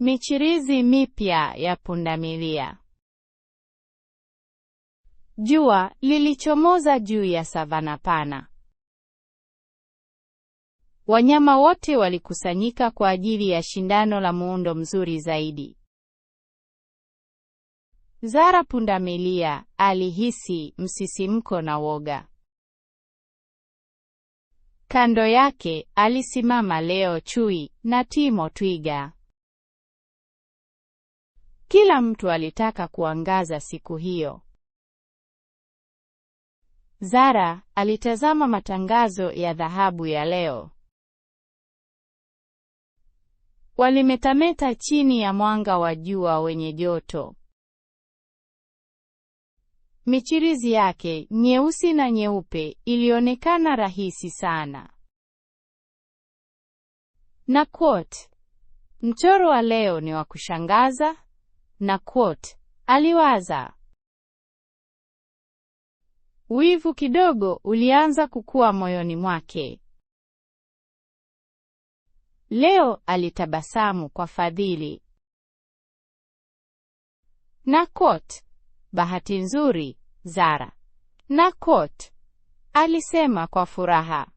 Michirizi mipya ya pundamilia. Jua lilichomoza juu ya savana pana. Wanyama wote walikusanyika kwa ajili ya shindano la muundo mzuri zaidi. Zara pundamilia alihisi msisimko na woga. Kando yake alisimama Leo chui na Timo twiga. Kila mtu alitaka kuangaza siku hiyo. Zara alitazama matangazo ya dhahabu ya leo. Walimetameta chini ya mwanga wa jua wenye joto. Michirizi yake nyeusi na nyeupe ilionekana rahisi sana. Na quote, mchoro wa leo ni wa kushangaza na quote, aliwaza. Wivu kidogo ulianza kukua moyoni mwake. Leo alitabasamu kwa Fadhili na quote, bahati nzuri Zara na quote, alisema kwa furaha.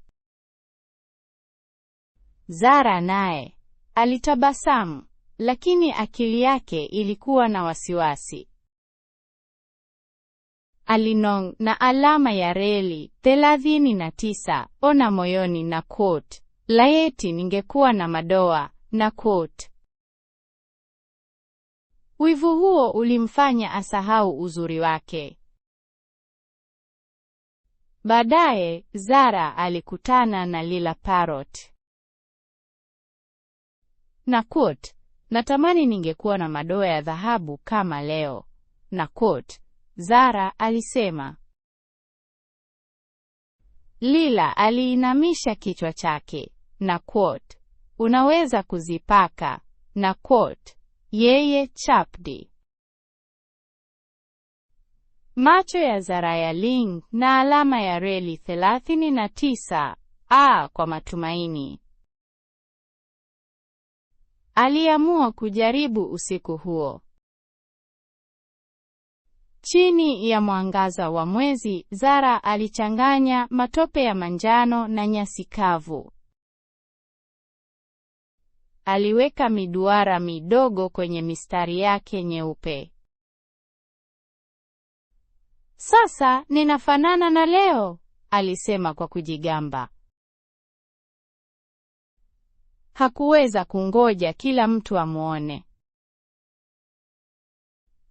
Zara naye alitabasamu lakini akili yake ilikuwa na wasiwasi. Alinong na alama ya reli 39 ona moyoni na quote, laeti ningekuwa na madoa na quote. Wivu huo ulimfanya asahau uzuri wake. Baadaye Zara alikutana na Lila Parrot na quote, Natamani ningekuwa na madoa ya dhahabu kama leo, na quote, Zara alisema. Lila aliinamisha kichwa chake na quote, unaweza kuzipaka na quote, yeye chapdi. Macho ya Zara ya Ling na alama ya reli 39 a ah, kwa matumaini. Aliamua kujaribu usiku huo. Chini ya mwangaza wa mwezi, Zara alichanganya matope ya manjano na nyasi kavu. Aliweka miduara midogo kwenye mistari yake nyeupe. Sasa ninafanana na leo, alisema kwa kujigamba. Hakuweza kungoja kila mtu amwone.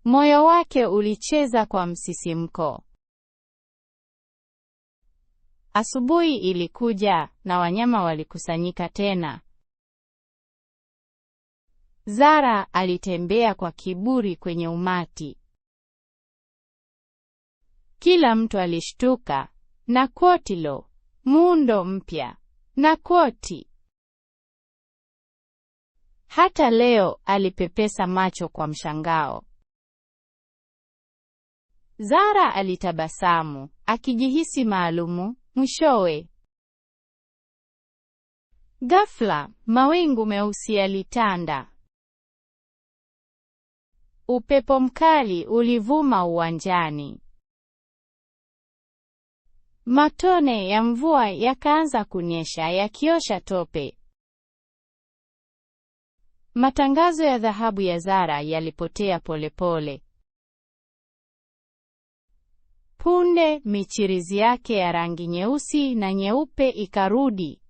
Moyo wake ulicheza kwa msisimko. Asubuhi ilikuja na wanyama walikusanyika tena. Zara alitembea kwa kiburi kwenye umati. Kila mtu alishtuka na koti lo, muundo mpya na koti hata leo alipepesa macho kwa mshangao. Zara alitabasamu akijihisi maalumu. Mwishowe ghafla, mawingu meusi yalitanda, upepo mkali ulivuma uwanjani, matone ya mvua yakaanza kunyesha yakiosha tope. Matangazo ya dhahabu ya Zara yalipotea polepole. Punde michirizi yake ya rangi nyeusi na nyeupe ikarudi.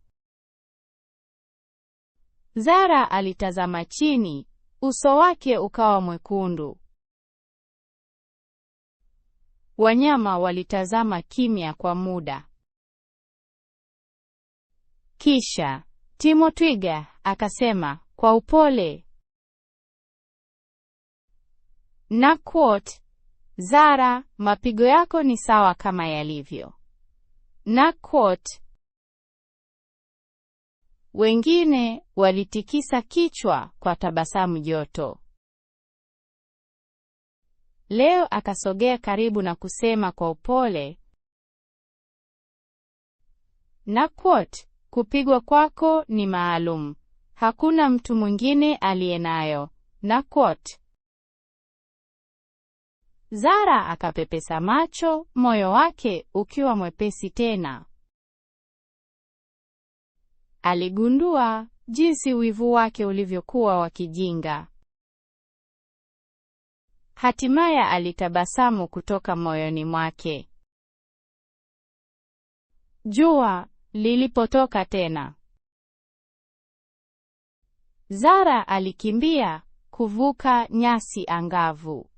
Zara alitazama chini, uso wake ukawa mwekundu. Wanyama walitazama kimya kwa muda. Kisha Timo Twiga akasema kwa upole. Na quote, Zara, mapigo yako ni sawa kama yalivyo. Na quote, wengine walitikisa kichwa kwa tabasamu joto. Leo akasogea karibu na kusema kwa upole. Na quote, Kupigwa kwako ni maalum, hakuna mtu mwingine aliyenayo na quote. Zara akapepesa macho, moyo wake ukiwa mwepesi tena. Aligundua jinsi wivu wake ulivyokuwa wa kijinga. Hatimaye alitabasamu kutoka moyoni mwake. Jua lilipotoka tena. Zara alikimbia kuvuka nyasi angavu.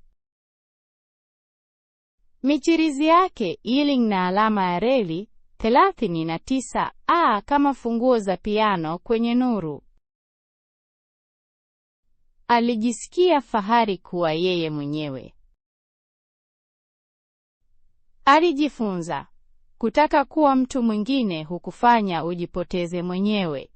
Michirizi yake iling na alama ya reli 39A kama funguo za piano kwenye nuru. Alijisikia fahari kuwa yeye mwenyewe. Alijifunza Kutaka kuwa mtu mwingine hukufanya ujipoteze mwenyewe.